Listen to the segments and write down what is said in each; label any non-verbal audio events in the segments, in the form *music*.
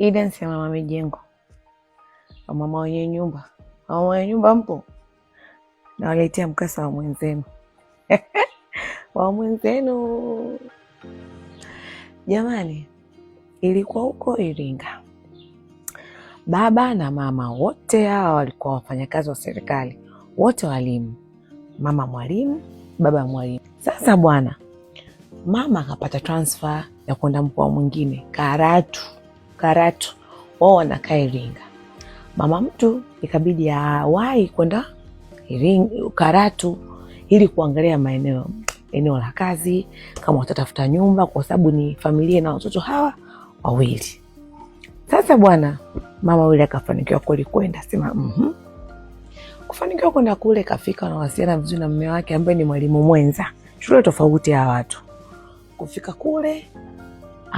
Idens ya mama mijengo, wamama wenye nyumba, mama wenye nyumba mpo, nawaletea mkasa wa mwenzenu *laughs* wa mwenzenu. Jamani, ilikuwa huko Iringa, baba na mama wote hawa walikuwa wafanyakazi wa serikali, wote walimu, mama mwalimu, baba mwalimu. Sasa bwana, mama akapata transfer ya kwenda mkoa mwingine Karatu Karatu, wao wanakaa Iringa. Mama mtu ikabidi awahi kwenda Karatu ili kuangalia maeneo eneo la kazi, kama watatafuta nyumba, kwa sababu ni familia na watoto hawa wawili. Sasa bwana, mama yule akafanikiwa kweli kwenda, sema -hmm. kufanikiwa kwenda kule, kafika, nawasiliana vizuri na mume wake ambaye ni mwalimu mwenza, shule tofauti ya watu. Kufika kule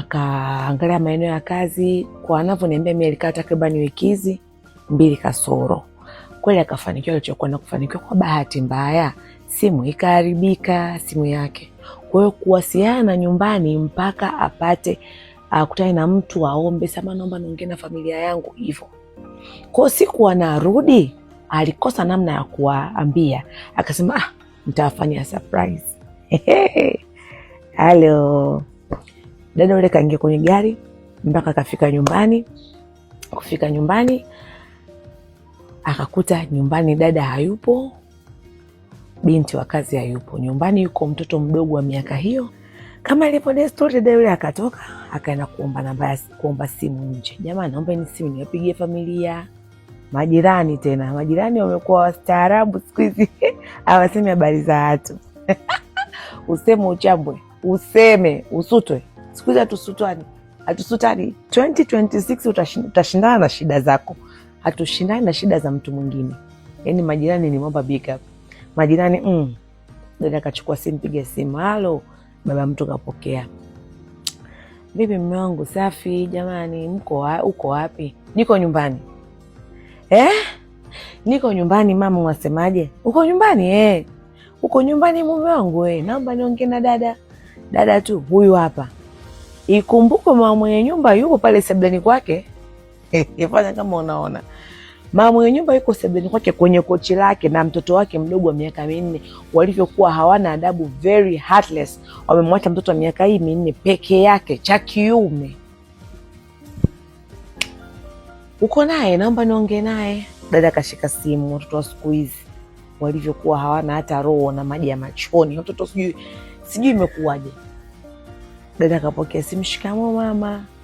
akaangalia maeneo ya kazi. Kwa anavyoniambia mi alikaa takriban wiki hizi mbili kasoro, kweli akafanikiwa alichokuwa na kufanikiwa. Kwa bahati mbaya simu ikaharibika, simu yake. Kwa hiyo kuwasiliana na nyumbani mpaka apate akutane na mtu aombe sama, naomba niongee na familia yangu hivo. Kwao siku anarudi alikosa namna ya kuwaambia, akasema ah, mtawafanyia surprise. Halo *laughs* Dada yule kaingia kwenye gari mpaka kafika nyumbani. Kufika nyumbani akakuta nyumbani dada hayupo, binti wa kazi hayupo nyumbani, yuko mtoto mdogo wa miaka hiyo. Kama ilivyo desturi, dada yule akatoka akaenda kuomba namba ya kuomba simu nje. Jamani, ni simu niwapigie familia, majirani. Tena majirani wamekuwa wastaarabu siku hizi *laughs* hawasemi habari za watu *laughs* useme uchambwe, useme usutwe siku hizi hatusutani, hatusutani. 2026 utashindana na shida zako, hatushindani na shida za mtu mwingine. Yani majirani, nimeomba big up majirani. Mm, dada kachukua simu, piga simu. Halo baba mtu kapokea, vipi mme wangu? Safi jamani, mko uko wapi? Niko nyumbani eh? Niko nyumbani mama, unasemaje? Uko nyumbani eh? Uko nyumbani mume wangu eh? Naomba niongee na dada dada tu huyu hapa Ikumbukwe mama mwenye nyumba yuko pale sebleni kwake *laughs* ifanya kama unaona, mama mwenye nyumba yuko sebleni kwake kwenye kochi lake na mtoto wake mdogo wa miaka minne. Walivyokuwa hawana adabu, very heartless, wamemwacha mtoto wa miaka hii minne peke yake cha kiume. Uko naye, naomba niongee naye. Dada kashika simu. Watoto wa siku hizi walivyokuwa hawana hata roho na maji ya machoni, watoto sijui sijui imekuwaje. Dada akapokea simu, shikamoo mama.